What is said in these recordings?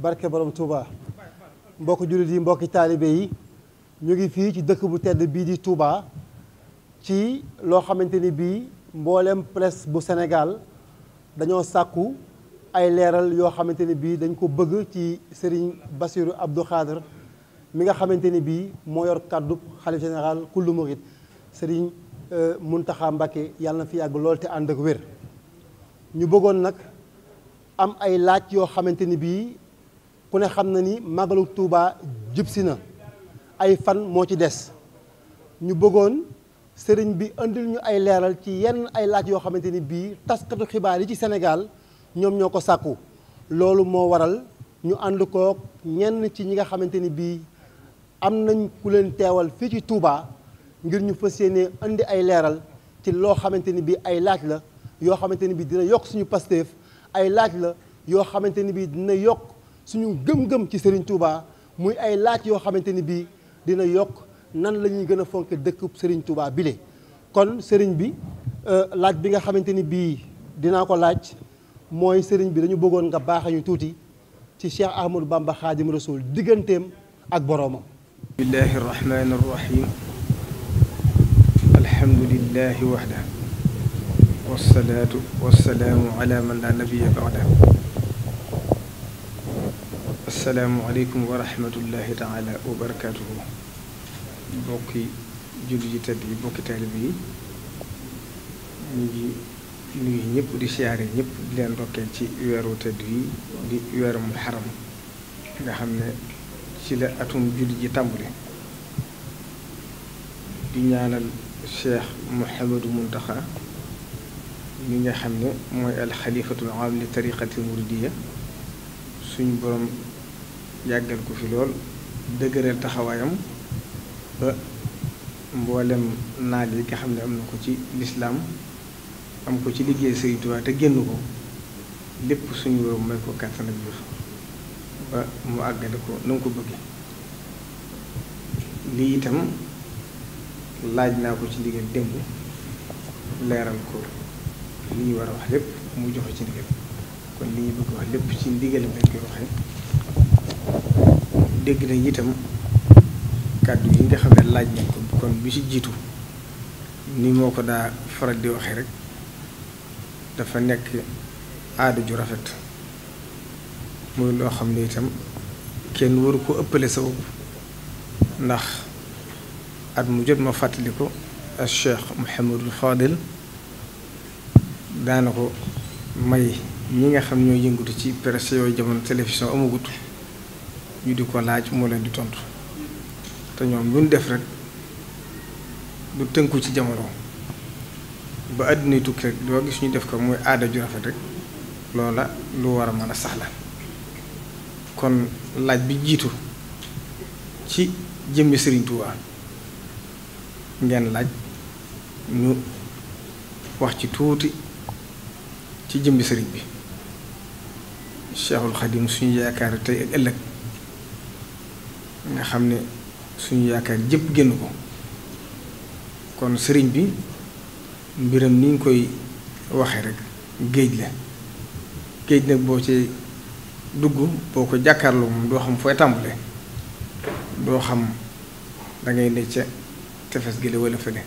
barke borom Touba mbokki jullit yi mbokki taalibe yi ñu ngi fii ci dëkk bu tedd bii di Touba ci loo xamante ni bii mboolem presse bu Sénégal dañoo sàkku ay leeral yoo xamante ni bii dañ ko bëgg ci sëriñ Bassirou Abdou Khadre mi nga xamante ni bii moo yor kàddu xalif général kullu sëriñ Serigne euh, Mountakha Mbacké yàlla na fi yàgg lool te ànd ak wér ñu bëggoon nag am ay laaj yoo xamante ni bii. ku ne xam na ni màggalu Touba jub si na ay fan moo ci des ñu bëggoon sëriñ bi indil ñu ay leeral ci yenn ay laaj yoo xamante ni bii taskatu xibaar yi ci Sénégal ñoom ñoo ko sàkku loolu moo waral ñu ànd koog ñenn ci ñi nga xamante ni bii am nañ ku leen teewal fii ci Touba ngir ñu fas yéene indi ay leeral ci loo xamante ni bii ay laaj la yoo xamante ni bii dina yokk suñu Pastef ay laaj la yoo xamante ni bii dina yokk. suñu gëm-gëm ci sëriñ Touba muy ay laaj yoo xamante ni bii dina yokk nan la ñuy gën a fonk dëkkub Serigne Touba bile. kon sëriñ bi euh, laaj bi nga xamante ni bii dinaa ko laaj mooy sëriñ bi dañu bëggoon nga baaxañu tuuti ci Cheikh Ahmadou Bamba Khadim Rasoul digganteem ak boroomam. bismillahi rahmaani rahim alhamdulillahi wahda wasalaatu wasalaamu ala man laa nabiya baada asalaamualeykum wa rahmatullahi taala wa barakaatuhu bokki julli ji tedd yi bokki taalib yi ñu ngi nuyu ñëpp di siyaare ñëpp di leen ndokkeel ci weeru tedd yi di weeru muharram nga xam ne ci la atum julli ji tàmbali di ñaanal cheikh Mouhamadou Mountakha mi nga xam ne mooy alxalifatul aam li tariqati muridiya suñ borom yàggal ko fi lool dëgëral taxawaayam ba mboolem naa yi nga xam ne am na ko ci lislaam am ko ci liggéey Sëriñ Tuubaa génn ko lépp suñu borom may ko kàttan ak jur ba mu àggale ko na ko bëgge lii itam laaj naa ko ci ndigal démb leeral ko li ñu war a wax lépp mu joxe ci ndigal kon li ñu bëgg wax lépp ci ndigalam lañ koy waxee dégg nañ itam kàddu yi nga xam laaj nañ ko kon bi ci jiitu ni moo ko daa faral di waxee rek dafa nekk aada ju rafet mooy loo xam ne itam kenn waru ko ëppale sa bopp ndax at mu jot ma fàttali ko ak Cheikh Mouhamadul Fadil daana ko may ñi nga xam ñoo yëngatu ci presse yooyu jamono télévision amagut ñu di ko laaj moo leen di tontu te ñoom lu def rek du tënku ci jamono ba àddina tukki rek doo gis ñu def ko mooy aada ju rafet rek loola lu war a mën a sax la kon laaj bi jiitu ci jëmbi Sëriñ Tuubaa ngeen laaj ñu wax ci tuuti ci jëmbi sëriñ bi Cheikhul Khadim suñu yaakaar tey ak ëllëg nga xam ne suñu yaakaar jëpp génn ko kon sëriñ bi mbiram ni ñu koy waxee rek géej la géej nag boo ci dugg boo ko jàkkaarloo moom doo xam fooy tàmbale doo xam dangay ne ca tefes gële wala fële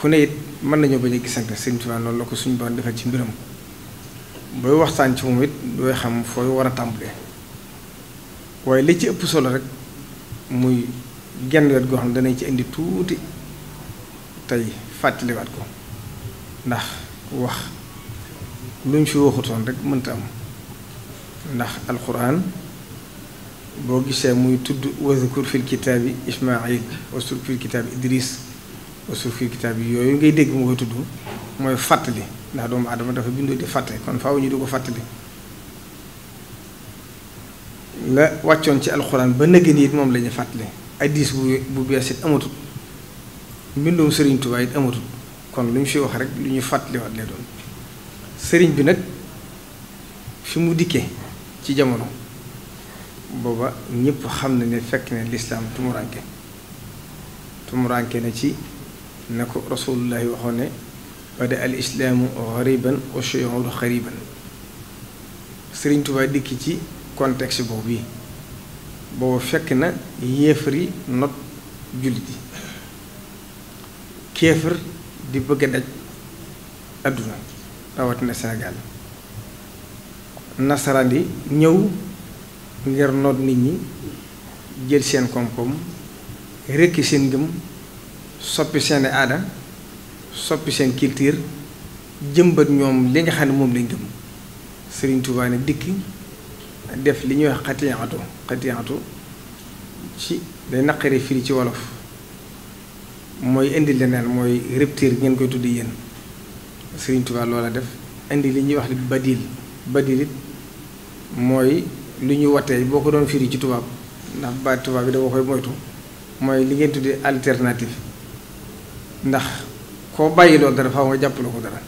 ku ne it mën nañoo bañ a gisante sëriñ Tuubaa loolu la ko suñu baax defal ci mbiram booy waxtaan ci moom it dooy xam fooy war a tàmbale waaye li ci ëpp solo rek muy genn wet goo xam ne danañ ci indi tuuti tey fàttaliwaat ko ndax wax luñ fi waxutoon rek mënta am ndax alquran boo gisee muy tudd wazukur fil kitaabi ismail wazukur fil kitaabi idris wazukur fil kitaabi yooyu ngay dégg mu koy tudd mooy fàttali ndax doomu aadama dafa bindoo di fàtte kon faw ñu di fàttali la wàccoon ci alxuraan ba nëgg moom la ñu fàttali addis bu bu bees it amatul mbindum sëriñ Tuubaa it amatul kon lu ñu fi wax rek lu ñu fàttaliwaat lay doon sëriñ bi nag fi mu dikkee ci jamono booba ñépp xam na ne fekk ne lislaam tumuraanke tumuranke na ci na ko rasulullahi waxoon ne bada al islaamu xariban wa shuyuuru xariban sëriñ Tuubaa dikki ci contexte boobu yi boobu fekk na yéefar yi not jullit yi kéefar di bëgg a daj àdduna rawatina Sénégal nasaraan yi ñëw ngir noot nit ñi jël seen koom-koom rekki seen ngëm soppi seeni aada soppi seen culture jëmbët ñoom li nga xam ne moom lañ gëm Serigne Touba dikk def li ñuy wax xatiyaatu xatiyaatu ci day naqari firi ci wolof mooy indi leneen mooy rupture ngeen koy tudd yéen Sëriñ Tuubaa loola def indi li ñuy wax badil badil it mooy lu ñu watee boo ko doon firi ci tubaab ndax baat tubaab bi dafa koy moytu mooy li ngeen tuddee alternative ndax koo bàyyi loolu dara faaw nga jàppale ko dara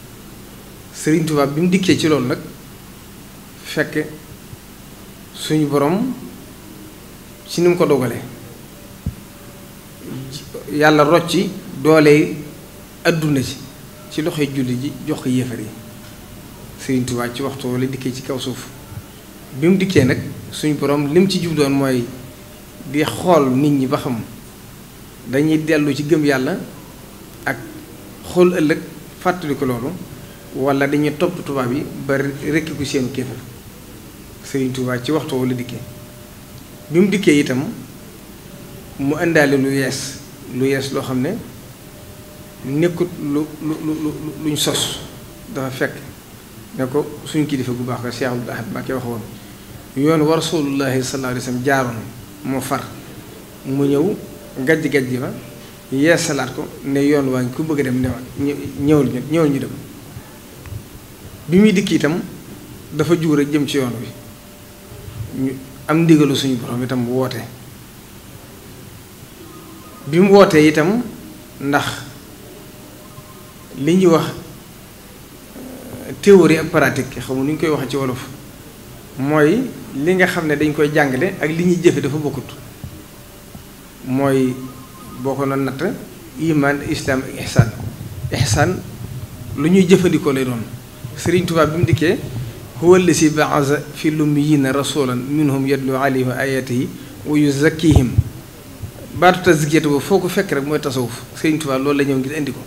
Sëriñ Tuubaa bi mu dikkee ci loolu nag fekk suñu boroom ci ni mu ko dogale yàlla rocci doole àdduna ci ci loxoy julli ji jox ko yéefar yi Sëriñ Tuubaa ci waxtu wala dikkee ci kaw suuf bi mu dikkee nag suñu borom lim ci jubloon mooy di xool nit ñi ba xam dañuy dellu ci gëm yàlla ak xool ëllëg fàttali loolu walla dañuy topp tubaab yi ba rekki ko seenu kéefar Serigne Touba ci waxtu wala dikkee bi mu dikkee itam mu indaale lu yees lu yees loo xam ne nekkut lu lu lu luñ sos dafa fekk ne ko suñ kilifa gu baax ko Cheikh Abdoul Ahad Mbacké waxoon wax wa rasulullahi sallallahu alayhi wa sallam jaaroon moo far mu ñëw gajj gajj ba yeesalaat ko ne yoon waa ngi ku bëgg a dem newaat ñëwal ñu ñëwal ñu dem bi muy dikk itam dafa juur a jëm ci yoon wi ñu am ndigalu suñu borom itam bu woote bi mu wootee itam ndax li ñuy wax euh, théorie ak pratique xamul nu ñu koy waxee ci wolof mooy li nga xam ne dañ koy jàngale ak li ñuy jëfe dafa bokkut mooy boo ko noonu natt iman islam ak ihsaan ihsaan lu ñuy jëfandikoo lay doon Sëriñ Tuubaa bi mu dikkee huwa alladi baasa fi lummiyina rasulan minhum yatlu alayhim ayatihi wa yuzakkihim baatu tazkiyatu boobu foo ko fekk rek mooy tasawuf Sëriñ Tuubaa loolu la ñëw ngir indi ko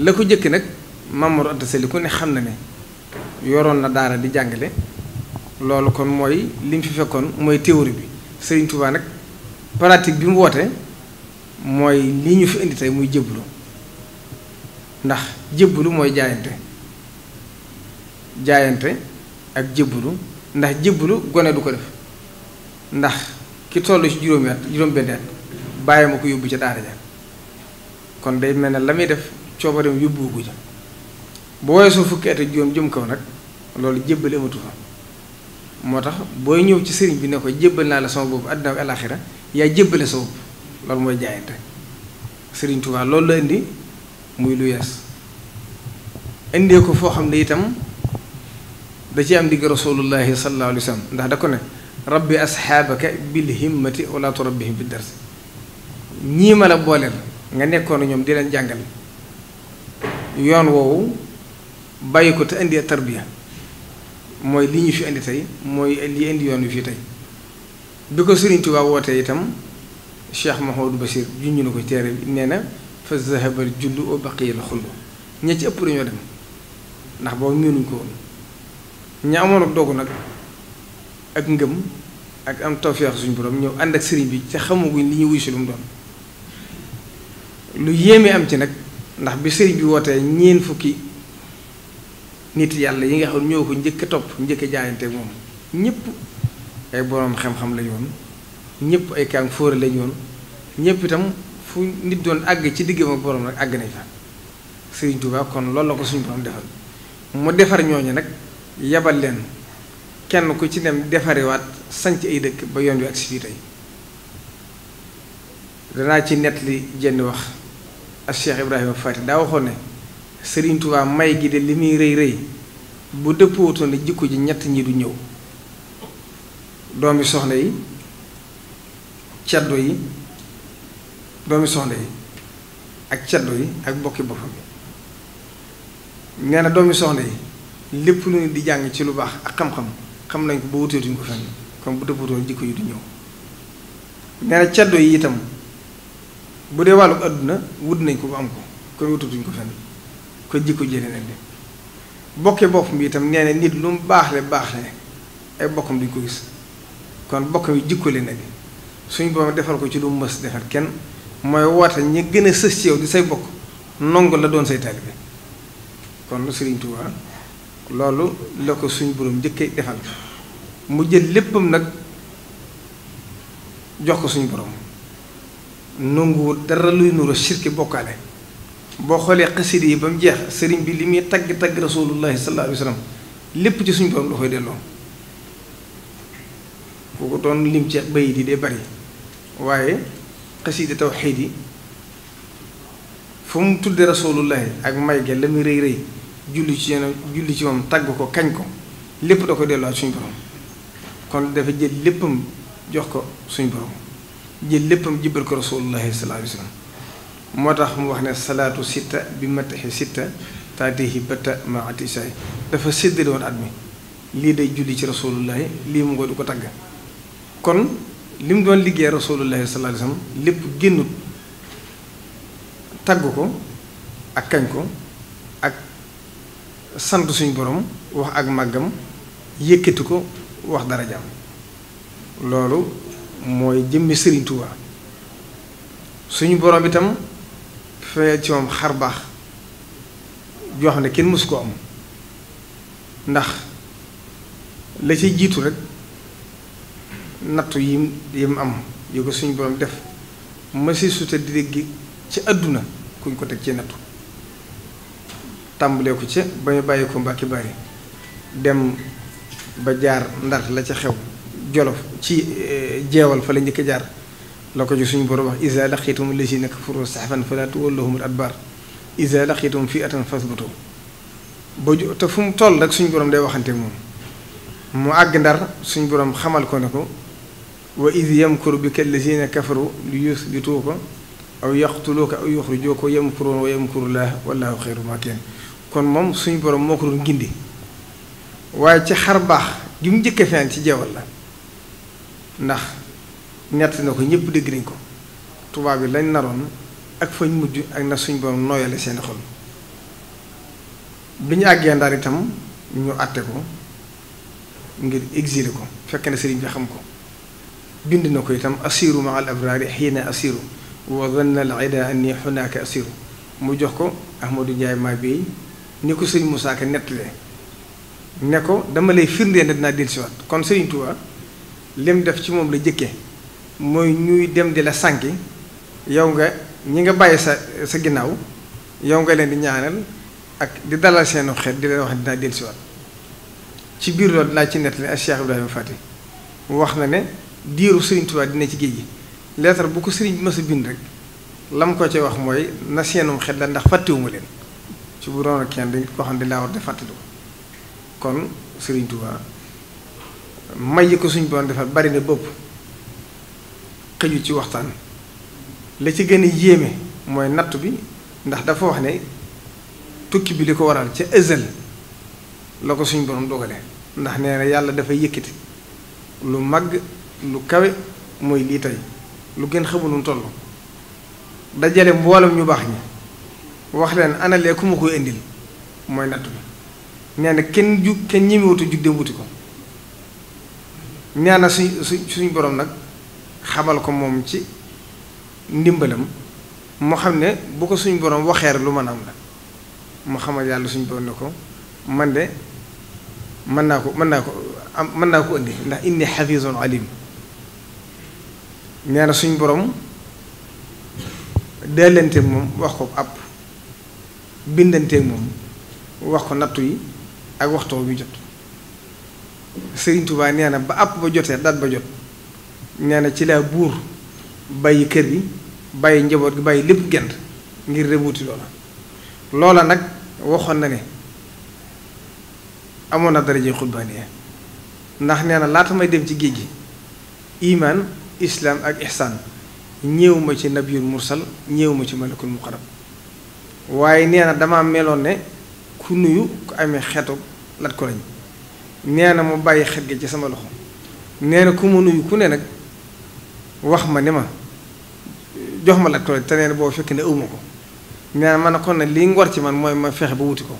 la ko jëkk nag Mamadou Anta Sali ku ne xam na ne yoroon na daara di jàngale loolu kon mooy li fi fekkoon mooy théorie bi Sëriñ Tuubaa nag pratique bi mu woote mooy lii ñu fi indi tey muy jébbalu ndax jébbalu mooy jaayante jaayante ak jébbalu ndax jébbalu gone du ko def ndax ki toll ci juróomi at juróom-benn at bàyyi ma ko yóbbu ca daara ja kon day mel ne la may def coobareem yóbbu ko ja bu weesoo fukki at juróom jëm kaw nag loolu jébbal amatu fa moo tax booy ñëw ci sëriñ bi ne ko jébbal naa la sama boobu àddina ak alaaxira yaa jébbale sa bopp loolu mooy jaayante sëriñ Tuubaa loolu la indi muy lu yees indee ko foo xam ne itam da ci am digg rasulullahi sallallahu alayhi wa sallam ndax da ko ne rabbi asxaabaka bil himmati wala turabbihim bi darsi ñii ma la booleel nga nekkoon ñoom di leen jàngal yoon woowu bàyyi ko te indi tarbiya mooy li ñu fi indi tey mooy li indi yoon wi fii tey bi ko Sëriñ Tuubaa wootee itam Cheikh Mahamadou Bachir junj na ko téere bi nee na fa zahabal jullu wa baqiya al xullu ña ëpp dañoo dem ndax boobu miinuñ ko woon ña amoon ak dogu nag ak ngëm ak am tawféex suñu boroom ñëw ànd ak sëriñ bi ca xamaguñ li ñu wuy si lu mu doon lu yéeme am ci nag ndax bi sëriñ bi wootee ñeen fukki nit yàlla yi nga xam ñëw ko njëkk a topp njëkk jaayante moom ñëpp ay boroom xam-xam lañu woon ñëpp ay kàng fóore lañu woon ñëpp itam fu nit doon àgg ci diggam ak borom nag àgg nañ fa sëriñ Tuubaa kon loolu la ko suñu borom defal mu defar ñooñu nag. yabal leen kenn ku ci dem defarewaat sanc ay dëkk ba yoon wi ak si danaa ci nett li jenn wax ak Cheikh Ibrahima Fati daa waxoon ne Serigne may gi de li muy rëy rëy bu dëppootoon ne jikko ji ñett ñi du ñëw doomi soxna yi ceddo yi doomi soxna yi ak ceddo yi ak bokki boppam nee na doomi soxna yi lépp lu ne di jàng ci lu baax ak xam-xam xam nañ ko ba wuteetuñ ko fenn kon bu dëppatoon jikko yi du ñëw nee na caddo yi itam bu dee wàllu àdduna wut nañ ko ba am ko kon wuteetuñ ko fenn kon jikko jëlee nañ de bokke bopp bi itam nee na nit lu mu baax baaxle ay bokkam duñ ko gis kon bokkam yi jikko leen nag suñ borom defal ko ci lu mu mës defal kenn mooy woote ñi gën a sës ci yow di say bokk nongu la doon say taalibe kon lu Sëriñ Tuubaa loolu la ko suñ borom njëkkee defal mu jël léppam nag jox ko suñu boroom nanguwul dara luy nuru sirki bokkaale boo xoolee xasida yi ba mu jeex sëriñ bi li muy tagg tagg rasulullahi sallallahu alayhi wa lépp ci suñu borom la koy delloo ku ko doon lim ci bayit yi dee bari waaye xasida tawxiid yi fu mu tudde rasulullahi ak may ga la muy rëy rëy julli ci yenn julli moom tagg ko kañ ko lépp da ko delluwaat suñ borom kon dafa jël léppam jox ko suñu borom jël léppam jibal ko rasulullahi sallallahu alayhi moo tax mu wax ne salaatu sitta bi mataxi sitta taatihi batta ma atisaay dafa séddale at mi lii day julli ci rasulullahi lii mu ngoy du ko tagg kon li mu doon liggéey rasulullahi sallallahu alayhi wa sallam lépp génnut tagg ko ak kañ ko sant suñu boroom wax ak màggam yëkkati ko wax dara loolu mooy jëmmi sëriñ Tuubaa suñu boroom itam fee ci moom xar baax joo ne kenn mësu koo am ndax la ci jiitu rek nattu yi yim am yi ko suñu borom def ma si sute di dégg ci àdduna kuñ ko teg ci nattu tàmbalee ko ci ba ñu bàyyi ko Mbàkke Bari dem ba jaar Ndar la ca xew Jolof ci eh, jeewal fa la njëkk jaar la ci suñu borom wax iza la lazina kafaru zahfan fala tuwalluhumul adbar iza laqitum fi'atan fasbutu ba ju te fu mu toll rek suñu borom day waxante moom mu àgg Ndar suñu borom xamal ko ne ko wa iz yamkuru bika lazina kafaru li yusbituuka aw yaqtuluuka aw yuxrijuuka yamkuruuna wa yamkurullaahu wallaahu xayru maakirin kon moom suñu borom moo ko doon gindi waaye ci xar baax gi mu njëkkee feneen ci jeewal la ndax ñett na ko ñëpp dégg nañ ko tubaab yi lañ naroon ak fañ mujj ak na suñ borom nooyale seen xol bi ñu àggee ndar itam ñu àtte ko ngir exilé ko fekk na sëriñ bi xam ko bind na ko itam assiru ma al abraari xiina assiru wa zanna al ida anni hunaaka assiru mu jox ko Ahmadou Ndiaye maa bi ni ko sëñ Moussa Ka nettalee ne ko dama lay firndee na dinaa delsiwaat kon sëñ Touba lim def ci moom la jëkkee mooy ñuy dem di la sànki yow nga ñi nga bàyyi sa sa ginnaaw yow nga leen di ñaanal ak di dalal seenu xel di leen wax ne dinaa dellusiwaat ci biir loolu dinaa ci nettali ak Cheikh Ibrahima Fati wax na ne diiru sëriñ Touba dina ci géej gi leetar bu ko sëriñ bi bind rek lam ko ci wax mooy na seenum xeet la ndax fàttewuma leen. ci bu doon kenn dañ koo xam ne laa war di fàttaliku kon Serigne Touba may yi ko suñ boon defar bari na bopp xëju ci waxtaan la ci gën a yéeme mooy natt bi ndax dafa wax ne tukki bi li ko waral ca ëzal la ko suñ borom dogale ndax nee na yàlla dafa yëkkati lu mag lu kawe mooy lii tey lu gën xamul nu dajale mboolam ñu baax ñi wax leen analee ku ma koy indil mooy natt bi nee na kenn jug kenn ñemewut a jug dem wuti ko ñaana na suñ suñ suñ nag xamal ko moom ci ndimbalam moo xam ne bu ko suñ borom waxeer lu mën am la mu xamal yàlla suñ borom ne ko man de mën naa ko mën naa ko am mën naa ko indi ndax indi xafisun alim ñaana suñ boroom borom dellante moom wax ko ab bindanteeg moom wax ko nattu yi ak waxtoo bi jot Sëriñ nee na ba àpp ba jotee dat ba jot nee na ci laa buur bàyyi kër gi bàyyi njaboot gi bàyyi lépp gent ngir rebuuti loola loola nag waxoon na ne amoon na daraje xutbaaniya ndax nee na laata may dem ci géej gi iimaan islaam ak ihsaan ñëw ma ci nabiyul mursal ñëw ma ci malakul muqarrab waaye nee na dama meloon ne ku nuyu ku amee xeetu lat ko nee na mu bàyyi xet gi ci sama loxo nee na ku ma nuyu ku ne nag wax ma ne ma jox ma lat ko lañ te nee boo fekk ne ëwma ko nee na man kon ne li ngor ci man mooy ma fexe ba wuti ko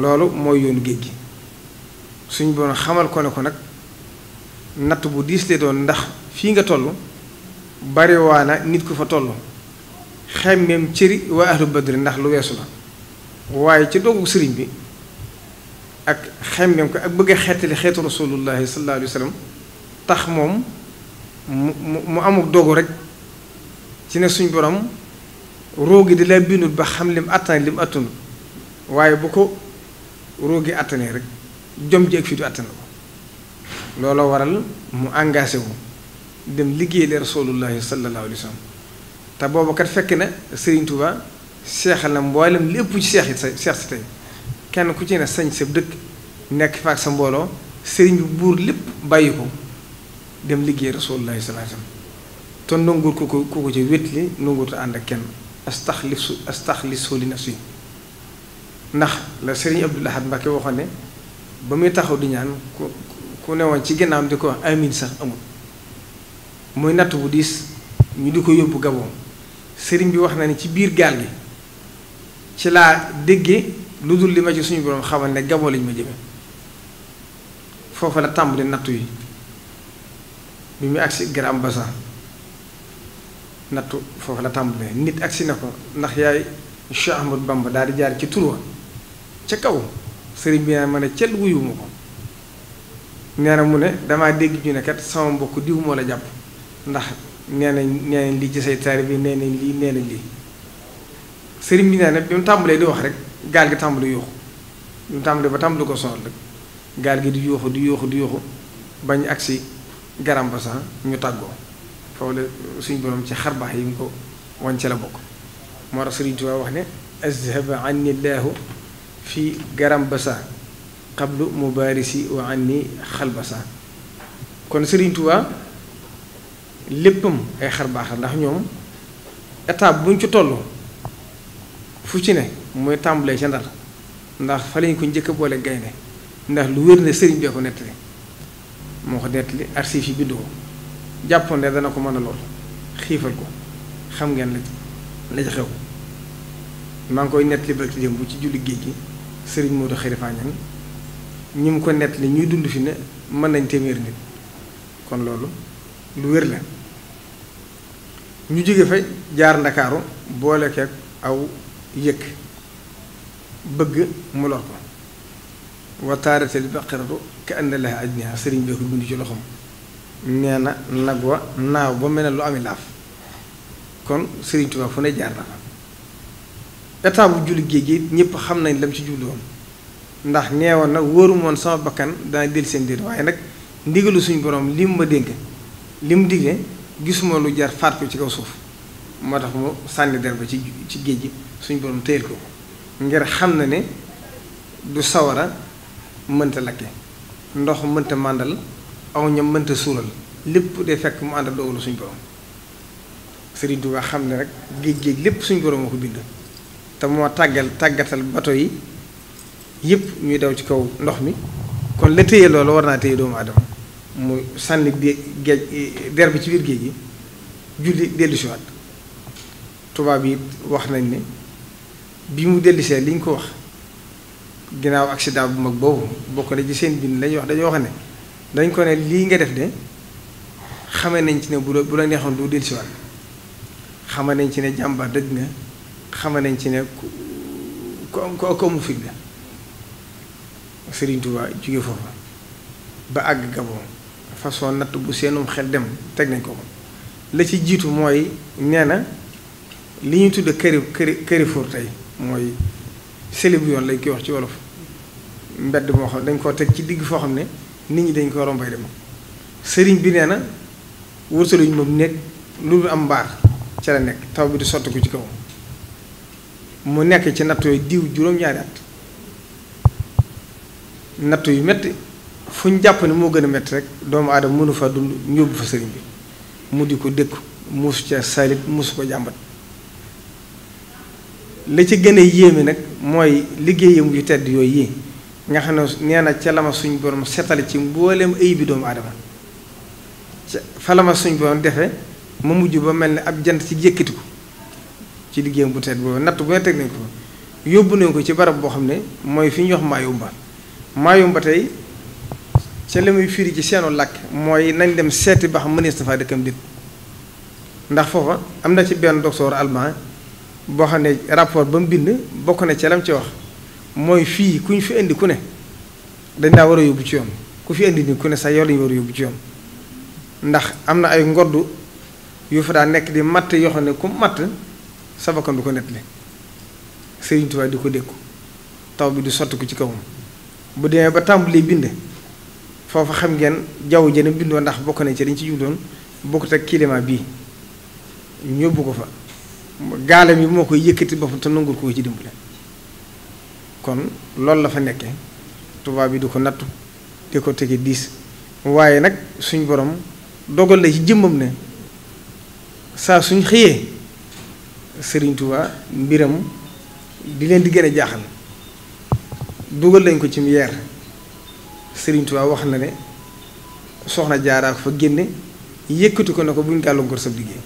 loolu mooy yoonu géej gi suñ boon xamal ko ne ko nag natt bu diis lee doon ndax fii nga toll bariwaana nit ku fa toll xemmeem cëri waa ahlu badri ndax lu weesu la waaye ci doogu sëriñ bi ak xemmeem ko ak bëgg a xeetali xeetu rasulullahi sallallahu alayhi wa tax moom mu mu amuk rek ci ne suñ borom róogi di la bindul ba xam lim attan lim attanul waaye bu ko róogi attanee rek jom ji ak fii du attan ko looloo waral mu engagé wu dem liggéey le rasulullahi sallallahu alayhi wa sallam te boobu kat fekk na Serigne Touba seexal na mboolem lépp ci seex it sa seex kenn ku ci ne sañ dëkk nekk fa ak sa mbooloo Serigne bi buur lépp bàyyi dem liggéey Rasulullaahi sallallaahu alayhi wa sallam ko ko ku ko ci wétli nanguwul ànd ak kenn astaxlisu astaxlisu li ndax la Serigne Abdoul Ahad Mbacké waxoon ne ba muy taxaw di ñaan ku ku newoon ci ginnaawam di ko wax amin sax amul muy natt bu diis ñu di ko yóbbu Gabon. sëriñ bi wax na ni ci biir gaal gi ci laa déggee lu dul li ma ci suñu boroom xamal ne gaboo lañ ma jëme foofa la tàmbali nattu yi bi mu agsi garam basa nattu foofu la tàmbalee nit agsi na ko ndax yaay Cheikh Ahmadou Bamba daal di jaar ci turwa ca kaw sëriñ bi naa ma ne cel wuyuma ko nee mu ne damaa dégg ñu ne kat sama mbokk diw moo la jàpp ndax nee nañ nee nañ lii ci say taari bi nee nañ lii nee nañ lii sëriñ bi nee na bi mu tàmbalee di wax rek gaal gi tàmbali yuuxu bi mu tàmbalee ba tàmbali ko sonal rek gaal gi di yuuxu di yuuxu di yuuxu bañ agsi garam ba ñu tàggoo foofu la suñ borom ci xar baax yi mu ko wañ ci la bokk moo tax sëriñ wax ne azhaba anni llaahu fi garam ba sax qablu mubaarisi wa anni xalbasa kon sëriñ léppam ay xar baax ndax ñoom étape buñ ci toll fu ci ne mooy tàmbalee ca ndar ndax fa lañ ko njëkk boole gaynde ndax lu wér ne sëriñ bee ko nettali moo ko nettali archives yi bindoo jàppoon ne dana ko mën a lool xiifal ko xam ngeen la la maa ngi koy nettali barki ci julli géej gi sëriñ Modou Khalifa Niang ñi mu ko nettali ñuy dund fi ne mën nañ téeméeri nit kon loolu lu wér la ñu jóge fa jaar ndakaaru boole keeg aw yëkk bëgg mu lor ko wa taaratil baqaratu ka anna laha ajniha sëriñ bi ko bind ci loxoom nee na nag wa naaw ba mel ne lu ami laaf kon sëriñ Tuubaa fu ne jaar na fa bu julli géej gi ñëpp xam nañ lam ci julli woon ndax neewoon nag wóorum woon sama bakkan dana del seen déet waaye nag ndigalu suñu borom li mu ma dénk li mu digle gisuma lu jar faat ko ci kaw suuf moo tax mu sànni der ci ci géej gi suñ borom téyel ko ngir xam na ne du sawara mënta lakke ndox mënta màndal aw ñam mënta suural lépp de fekk mu ànd ak dogalu suñ borom Sëriñ Tuubaa xam ne rek géej géej lépp suñ borom moo ko bind te moo tàggal tàggatal bato yi yëpp ñuy daw ci kaw ndox mi kon la téye loolu war naa téye doomu aadama mu sànni géej der bi ci biir géej gi julli dellusiwaat tubaab yi wax nañ ne bi mu dellusee liñ ko wax ginnaaw accident bu mag boobu bokk na ci seen bind lañuy wax dañoo wax ne dañ ko ne lii nga def de xame nañ ci ne bu la bu la neexoon du dellusiwaat xame nañ ci ne jàmbaar dëgg nga xame nañ ci ne ku ku ku amul fit nga Sëriñ Tuubaa jóge foofa ba àgg Gabon façon natt bu seenum xel dem teg nañ ko la ci jiitu mooy nee na li ñu tudde këri këri kërifoor tey mooy seli yoon lañ koy wax ci wolof mbedd moo xam ne dañ koo teg ci digg foo xam ne nit ñi dañ ko rombay dem sëriñ bi nee na wërtaluñu moom nekk lu am mbaar ca la nekk taw bi di sotti ko ci kaw mu nekk ci natto yu diw juróom-ñaari at natto yu metti fu ñu jàpp ne moo gën a métti rek doomu aadama mënu fa dund ñu yóbbu fa sëriñ bi mu di ko dëkk muusu ca salit muusu ko jàmbat la ci gën a yéeme nag mooy liggéeyam yu tedd yooyu yi nga xam ne nee ca lama suñ borom setal ci mbooleem ay bi doomu adama ca fa lama suñ borom defe ma mujj ba mel ni ab jant ci yëkkati ko ci liggéeyam bu tedd boobu natt bu ne teg nañ ko yóbbu nañ ko ci barab boo xam ne mooy fi ñuy wax maayumba maayumba tey ca li muy firi ci seenu làkk mooy nañ dem seeti ba xam mënees na faa dëkkam dit ndax foofa am na ci benn docteur allemand boo xam ne rapport ba mu bind bokk na ca lam ci wax mooy fii ku ñu fi indi ku ne dañ daa war a yóbbu ci yoon ku fi indi ni ku ne sa yow la ñu war a yóbbu ci yoon ndax am na ay ngodd yu fa daa nekk di matt yoo xam ne ku matt sabakan du ko nettali Sëriñ Tuubaa di ko dékku taw bi du sotti ko ci kawam bu demee ba tàmbali bind foofa xam ngeen jaww jëne bindoo ndax bokk na ci dañ ci doon bokkut ak climat bii ñu yóbbu ko fa gaalam yi moo koy yëkkati boppam te nangul ko ci dimbale kon loolu la fa nekke tubaab bi du ko nattu di ko tege diis waaye nag suñ borom dogal la ci jëmmam ne saa suñ xëyee Sëriñ Tuubaa mbiram di leen di gën a jaaxal dugal lañ ko ci mu yeer Sëriñ Tuubaa wax na ne soxna jaaraa fa génne yëkkati ko ne ko buñ gàllankoor sa liggéey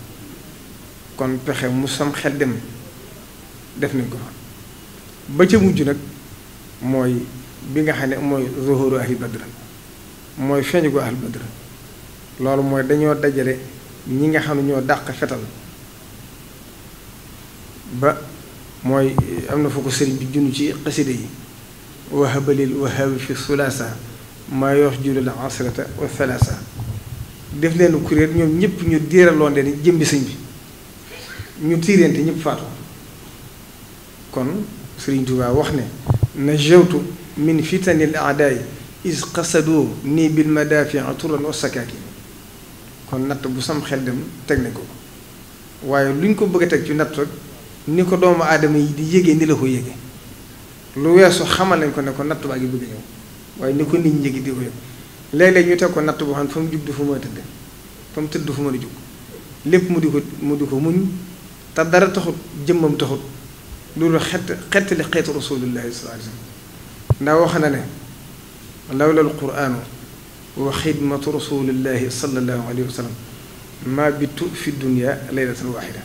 kon pexe mu sam xel dem def nañ ko fa ba ca mujj nag mooy bi nga xam ne mooy zuhuru ahli badr mooy feeñu ko ahli badr loolu mooy dañoo dajale ñi nga xam ne ñoo dàq fetal ba mooy am na foo ko sëriñ bi junn ci xasida yi wax wahabalil wahabi fi sulaasa maa yox la asrata wa thalasa def leen kuréel ñoom ñëpp ñu diiraloon leen jëmbi sëñ bi ñu tiirante ñëpp faatu kon Sëriñ Tuubaa wax ne najawtu min fitanil aadaay is qasadu nii bil madaafi turan wa sakaaki kon natt bu sam xel dem teg na ko waaye lu ñu ko bëgg teg ci natt ni ko doomu aadama yi di yéegee ni la ko yéege lu weesu xamal nañ ko ne ko natt baa ngi bëgg ñëw waaye ni ko nit ñi di ko yëg ñu teg ko natt boo xam ne fa mu jub du fa mën a tëdd fa mu tëdd du fa mën a jug lépp mu di ko mu di ko muñ te dara taxut jëmmam taxut loolu xet xet li xeetu rasulillahi sallallahu alayhi wasallam ndax wax na ne lawla alquranu wa xidmatu rasulillahi sallallahu alayhi wasallam ma bittu fi dunia laylatan waxida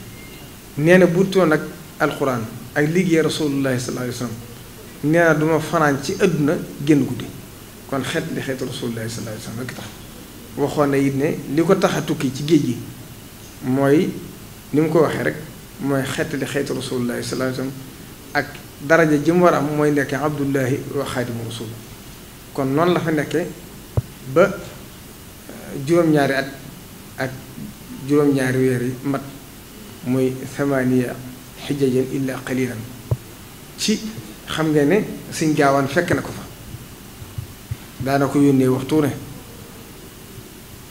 nee na burtoon ak alquran ak liggéey rasulillahi sallallahu alayhi nee na duma fanaan ci àdduna génn guddi kon xet li xeetu rasulullahi sallallahu alayhi wa sallam rekk tax waxoon na it ne li ko tax a tukki ci géej gi mooy ni mu ko waxee rek mooy xet li xeetu rasulullahi sallallahu alayhi wa sallam ak daraja ji mu war a am mooy nekk abdullahi wa xaadimu rasul kon noonu la fa nekkee ba euh, juróom-ñaari at ak juróom-ñaari weer yi mat muy thamaniya xijjajan illa qalilan ci xam nga ne suñ gaawaan fekk na ko fa daana ko yónnee waxtu ne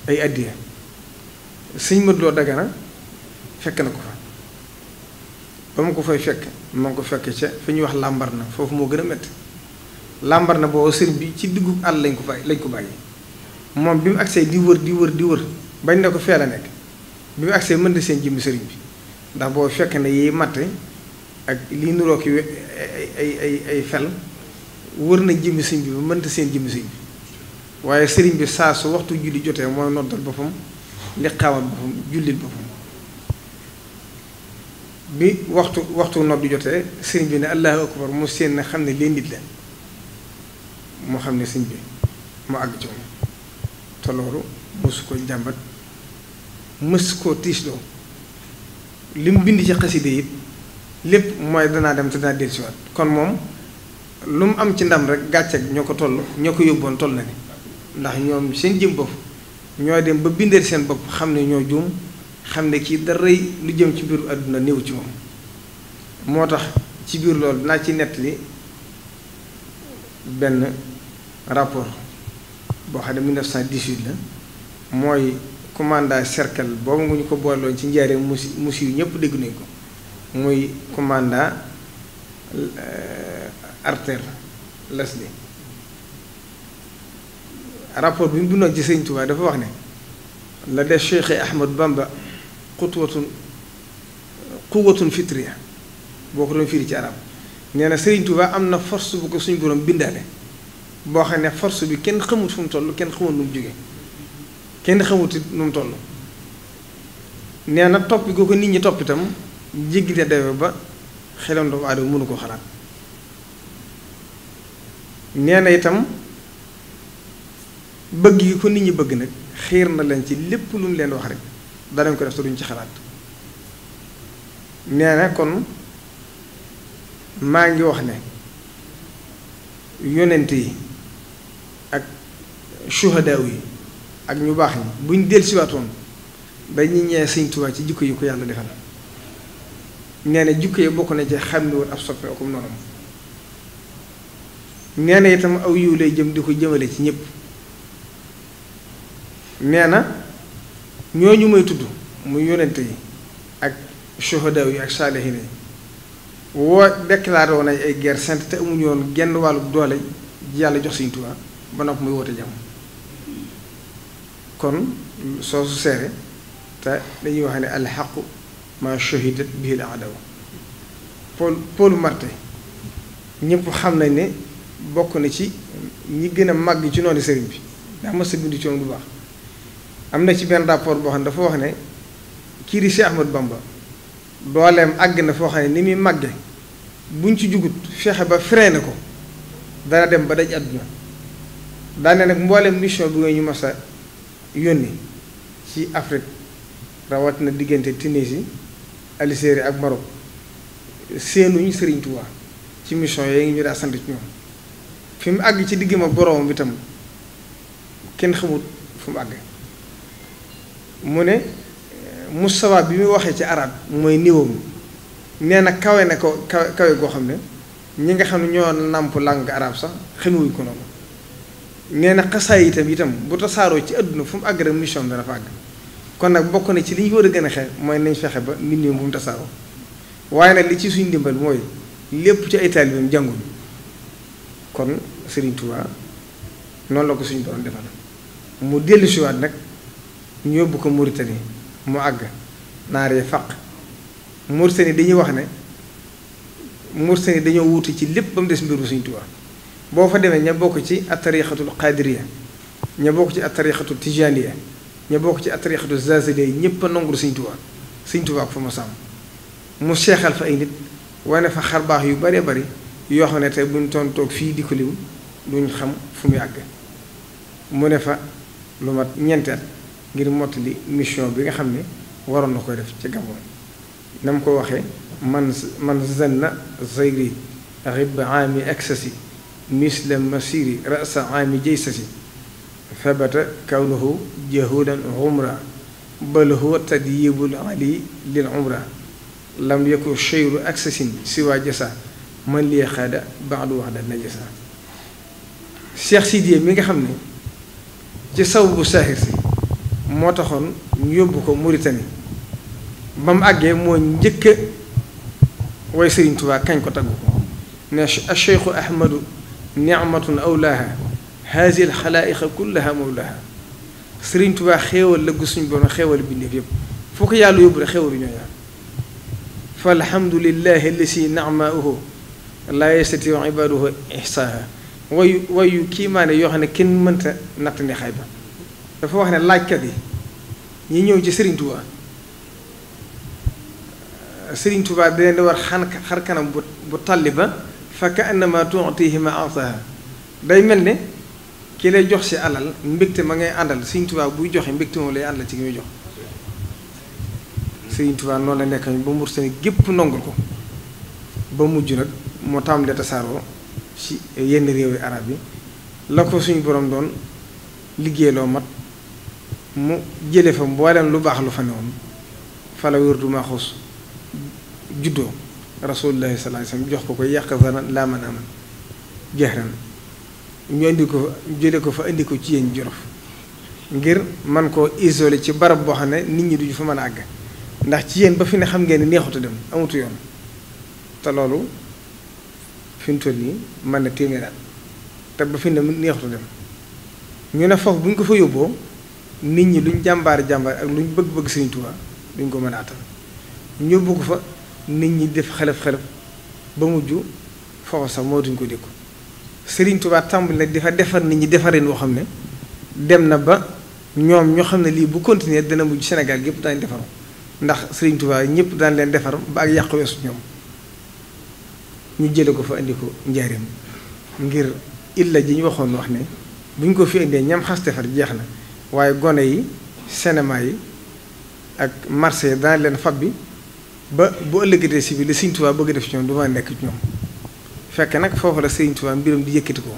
ay àddiya sëñ Modou Lo Dagana fekk na ko fa ba mu ko fay fekk ma ko fekk ca fi ñuy wax làmbar na foofu moo gën a métti làmbar na boo sëñ bi ci diggu àll lañ ko bàyyi lañ ko bàyyi moom bi mu agsee di wër di wër di wër bañ na ko fee la nekk bi mu agsee mën na seen jëmm sëriñ bi ndax boo fekk na yiy matt ak lii nuroo ki ay ay ay fel wër na jëmm sëñ bi ba mënta seen jëmm sëñ bi waaye sëriñ bi saa su waxtu julli jotee mooy noddal boppam liqaamal boppam jullil boppam bi waxtu waxtu noddu jotee sëriñ bi ne allahu akbar mu seen ne xam ne leen nit la moo xam ne sëñ bi mu àgg ci moom te loolu mësu ko jàmbat mës koo tiisloo li mu bind ci xaside yi lépp mooy danaa dem te danaa dellusiwaat kon moom lu mu am ci ndam rek gàcce ñoo ko toll ñoo ko yóbboon toll na ni ndax ñoom seen jëm bopp ñoo dem ba bindal seen bopp xam ne ñoo juum xam ne kii dara lu jëm ci mbiru àdduna néew ci moom moo tax ci biir loolu dinaa ci nettali benn rapport boo xam ne 1918 la mooy commandant cercle boobu nga ñu ko boolewoon ci njaareem musi musi yu ñëpp dégg nañ ko muy arter euh, artère Leslie rapport bi mu bindoon ci sëñ Tuubaa dafa wax ne la def Cheikh Ahmad Bamba xutwatun quwwatun fitriya boo ko doon firi ci arab nee na sëriñ Tuubaa am na force bu ko suñu borom bindaale boo xam ne force bi kenn xamut fu mu kenn xamut nu mu jóge kenn xamutit nu nee na topp goo ko nit ñi topp itam jéggi na dawe ba xelam doomu mënu koo xalaat nee itam bëgg yi ko nit ñi bëgg nag xiir na leen ci lépp lu mu leen wax rek danañ ko def te duñ ci xalaat neena na kon maa ngi wax ne yonent yi ak suhadaaw yi ak ñu baax ñi buñ dellusiwaatoon dañuy ñee Sëñ Tuubaa ci jikko yi ko yàlla defal nee na jikko yi bokk na ci xam ne woon ab soppe akum noonam nee na itam aw yiw jëm di ko jëmale ci ñëpp nee na ñu may tudd muy yonent yi ak suhadaa yi ak saalihiin yi woo déclaré woon ay guerre sainte te amuñu woon genn wàllu doole ji yàlla jox Sëriñ toit ba noppi muy woote jàmm kon soo su seere te dañuy wax ne alxaqu ma shahidat bihi al adaw pol Paul Marty ñëpp xam na ne bokk na ci ñi gën a màgg ci noonu sëriñ bi ndax ma sa bind ci moom lu baax am na ci benn rapport boo xam ne dafa wax ne kii di Cheikh Ahmad Bamba dooleem àgg na foo xam ne ni muy màgge buñ ci jugut fexe ba freiné ko dana dem ba daj àdduna daane nag mbooleem mission bi ngay ñu mas a yónni ci Afrique rawatina diggante Tunisie Algérie ak Maroc seenuñu Serigne Touba ci mission yooyu ngi ñu daa sant ñoom fi mu àgg ci digg ma boroom bi kenn xamut fu mu àgg mu ne mustawa bi muy waxee ci arab mooy niveau nee na kawe na ko kawe kawe goo xam ne ñi nga xam ne ñoo nàmp langue arab sax xamewuñ ko noonu nee na xasaay itam itam bu tasaaroo ci àdduna fu mu àgg rek mission dana fa àgg kon nag bokk na ci li ñu war a gën a xeex mooy nañ fexe ba nit ñi bu mu tasaaroo waaye nag li ci suñ ndimbal mooy lépp ci ay taalibeem jàngul kon Serigne tubaa noonu la ko suñ borom defal mu dellusiwaat nag. ñu yóbbu ko Mauritanie mu àgg naar yi faq Mauritanie dañuy wax ne Mauritanie dañoo wuute ci lépp am mu des mbiru Sëriñ Tuubaa boo fa demee ña bokk ci atarixatul qaadiriya ña bokk ci atarixatul tijaniya ña bokk ci atarixatul zaziliya ñëpp a nangul Sëriñ Tuubaa Sëriñ Tuubaa fa ma sàmm mu seexal fa ay nit wane fa baax yu baree bari yoo xam ne tey buñ toon fii di ko liw duñ xam fu muy àgg mu ne fa lu mat ñeenteel ngir mottali mission bi nga xam ne waroon na koy def ci Gabon nam ko waxee man man zanna zayri rib aami aksasi misla masiri rasa aami jaysasi fabata kawnuhu jahulan umra bal huwa tadyibul ali lil umra lam yaku cheyru aksasin siwa jasa man lie xaada baadu wax da najasa Cheikh Sidiye mi nga xam ne ci saw bu saaxir si moo taxoon ñu yóbbu ko Mauritanie ba mu àggee moo njëkk a way Sëriñ Tuubaa kañ ko tagg ko ne acheikhu ahmadu nicmatun awlaaha haasi alxalaaiqa kullaha mawlaaha Sëriñ Tuubaa xéewal la gu suñu borom xéewal bindéef yëpp foo ko yàlla yóbbu rek xéewalu ñoo yàlla fa alhamdulilahi allasi nicmaauhu laa yastatiu ibaduhu ixsaaha wayu wayu kii yoo xam ne kenn mënta natt ne xay ba dafa wax ne laajkat yi ñi ñëw ci Serigne Touba Serigne Touba da di war xan xar kanam bu bu ba fa ka annama tuutihi ma ataha day mel ne ki lay jox si alal mbégte ma ngay àndal Serigne Touba buy joxe mbégte moom lay àndal ci ki muy jox Serigne Touba noonu la nekk ba mu seen gépp nongul ko ba mujj nag moo tàmbalee tasaaroo ci yenn réew yi arab yi la ko suñu borom doon liggéey loo mat mu jële fa mboolem lu baax lu fa newoon fa la wérdu maxuus juddoo rasuulullahi sallallahu jox ko ko yaqazana laa man aman jahran ñu indi ko jële ko fa indi ko ci yéen jorof ngir man ko isolé ci barab boo xam ne nit ñi duñu fa mën a àgg ndax ci yéen ba fi ne xam ngeen ne neexuta dem amatu yoon te loolu fi mu nii mën na téeméeraat te ba fi ne neexuta dem ñu ne foofu bu ñu ko fa yóbboo nit ñi luñ jàmbaar jàmbaar ak luñ bëgg-bëgg Sëriñ Tuubaa duñ ko mën a attan ñu fa nit ñi def xelef xelef ba mujj foofa sax moo duñ ko dékku Sëriñ Tuubaa tàmbali nag dafa defar nit ñi defareen woo xam ne dem na ba ñoom ñoo xam ne lii bu continuer dana mujj Sénégal gépp daañu defaru ndax Sëriñ ñëpp daan leen defar ba ak yàq weesu ñoom ñu jële ko fa indi ko njaareem ngir illa ji ñu waxoon wax ne buñ ko fi indee ñam xas defar jeex na waaye gone yi cinéma yi ak marché dana leen fab bi ba bu ëllëgatee si biir li Sëriñ Tuubaa bëgg def ci ñoom du nekk ci ñoom fekk nag foofu la Sëriñ Tuubaa mbiram di yëkkati ko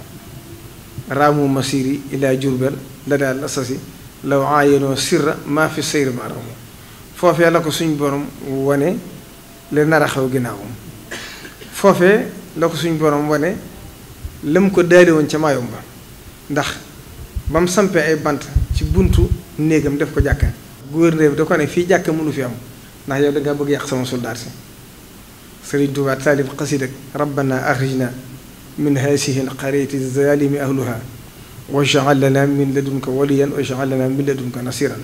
raamu masiri ila jurbel la daal la law aayenoo sirra maa fi ma raamu foofee la ko suñ borom wane la nar a xew ginnaawam foofee la ko suñ borom wane la mu ko daali woon ca maayom ba ndax ba mu sampee ay bant ci buntu néegam def ko jàkka gouverneur bi da ko ne fii jàkka mënu fi am ndax yow da nga bëgg yàq sama soldaar si Sëriñ Tuubaa taalib xasiid ak rabbana min haasihi alqaryati zalimi ahluha waj'al lana min ladunka waliyan waj'al lana min ladunka nasiran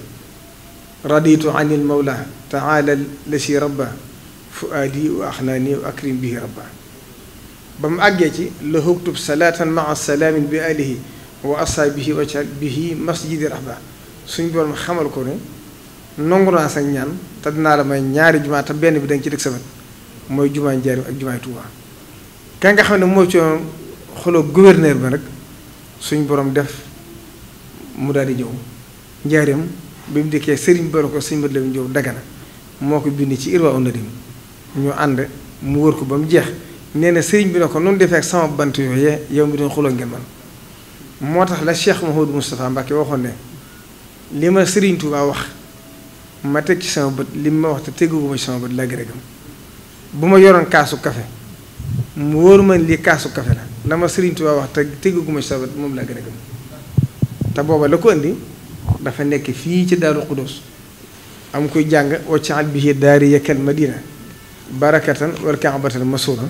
raditu an il taala lasi rabba fuaadi wa axnaani wa akrim bihi rabba ba mu ci la huktub salaatan salaamin bi alihi wa assa bihi wacca bihi masjidi rahba suñ borom xamal ko ne nangu naa sa ñaan te dinaa la may ñaari jumaa te benn bi danga ci dëkk sa bët mooy jumaay Njaaréem ak jumaay Tuubaa ka nga xam ne mooy ci xoloo gouverneur ba nag suñ borom def mu daal di ñëw Njaaréem bi mu dikkee sëriñ boro ko suñ bët la mu dagana moo ko bind ci irwa onadim ñu ànd mu wër ko ba mu jeex nee na sëriñ bi ne ko noonu defee ak sama bant yooyee yow mi doon xuloo ngeen moo tax la Cheikh Mouhamadou Moustapha Mbacke waxoon ne li ma Serigne Touba wax ma teg ci sama bët li ma wax te teguguma ci sama bët laa gërëm bu ma yoroon kaasu kafe mu wóor ma lii kaasu kafe la la ma Serigne wax te teguguma ci sama bët moom laa gërëm te booba la ko indi dafa nekk fii ci Daaru Xuddoos am koy jàng waccaat bihi daari yekkal madina barakatan wal kaabatan masura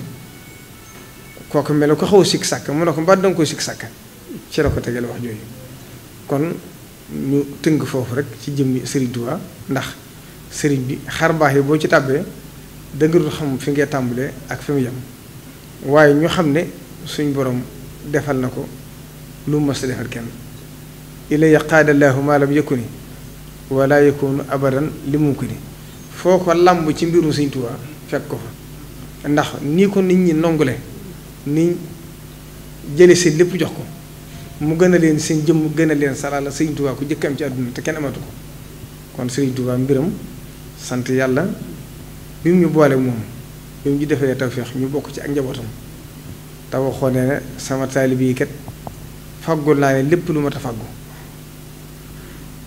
kooku mel ko xaw sikk sàkk mu ne ko mbaa danga koy sikk sàkk ci la ko tegal wax jooju kon ñu tënk foofu rek ci jëmmi Serigne Touba ndax sëriñ bi xar baax yi boo ci tàbbee danga dul xam fi ngay tàmbalee ak fi mu yem waaye ñu xam ne suñ boroom defal na ko lu mu mës defal kenn ilaya qaadallahu ma lam yëkku ni wala yakunu abadan li mu ko ni foo ko làmb ci mbirum Serigne Touba fekk ko fa ndax nii ko nit ñi nongule ni jële si lépp jox ko mu gën a leen seen jëmm gën a leen sarala Sëriñ Tuubaa ku jëkkam ci àdduna te kenn amatu ko kon Sëriñ mbiram sant yàlla bi mu ñu boole moom bi mu ñu defee tawféex ñu bokk ci ak njabootam te waxoon ne sama taalib yi kat faggul naa leen lépp lu mat a faggu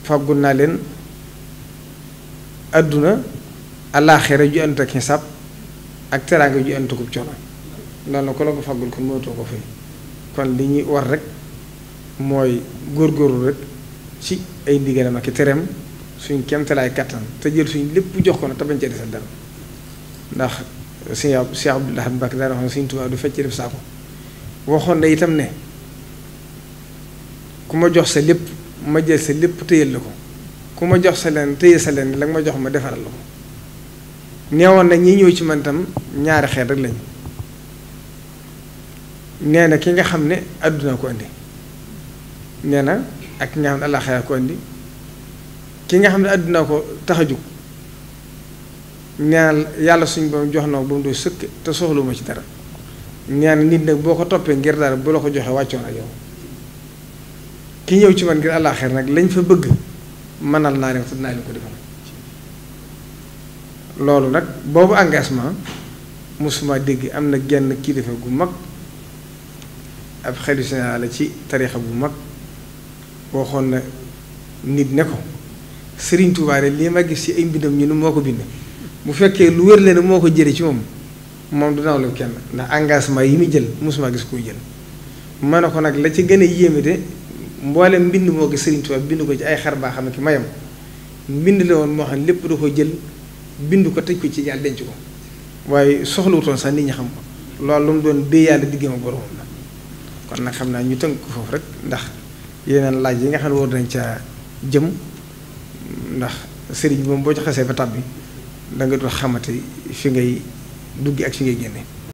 faggul naa leen àdduna alaaxira ju ànd ak xisaab ak teraanga ju ànd ak coono loolu na ko la ko faggul kon mënatoo ko fay kon li ñuy war rek mooy góorgóorlu rek ci ay ndigalam ak i tereem suñ kemtalaay kattan te jël suñ lépp jox ko nag te bañ cee desal dara ndax sëñ Cheikh Abdoulaye Mbacke daana waxoon sëñ Tuubaa du fecc def saako waxoon na itam ne ku ma jox sa lépp ma jël sa lépp téyel la ko ku ma jox sa leen téye sa ma jox ma defaral la ko neewoon na ñi ñëw ci man itam ñaari xeet rek lañ nee na ki nga xam ne àdduna ko indi nee na ak ki nga xam ne àllaaxira ko indi ki nga xam ne àdduna ko tax a jug yàlla suñ boom jox na ba mu doy sëkk te soxlu ci dara nee nit nag boo ko toppee ngir dara bu la ko joxee wàccoon ak yow ki ñëw ci man ngir àllaaxira nag lañ fa bëgg mënal naa leen te dinaa leen ko defal loolu nag boobu engagement mosuma dégg am na genn kilifa gu mag ab xelu général la ci tarixa bu mag waxoon na nit ne ko Serigne Touba de lii ma gis ci ay mbindam ñu ne moo ko bind bu fekkee lu wér leen moo ko jëlee ci moom moom du nawle kenn ndax engagement yi muy jël mosuma gis ko jël. ma ne ko nag la ci gën a yéeme de mboolem mbind moo gis Serigne Touba bind ko ci ay xar baa xam ne ki mayam mbind la woon moo xam lépp da ko jël bind ko teg ko ci yàlla denc ko waaye soxlawutoon sax nit ñi xam ko loolu lu mu doon dee yàlla diggam ak borom la kon nag xam naa ñu tënk ko foofu rek ndax. yeneen laaj yi nga xam ne woo nañ caa jëm ndax sëriñ bi moom boo ci xasee ba tàbbi da nga doon xamante fi ngay duggi ak fi ngay génne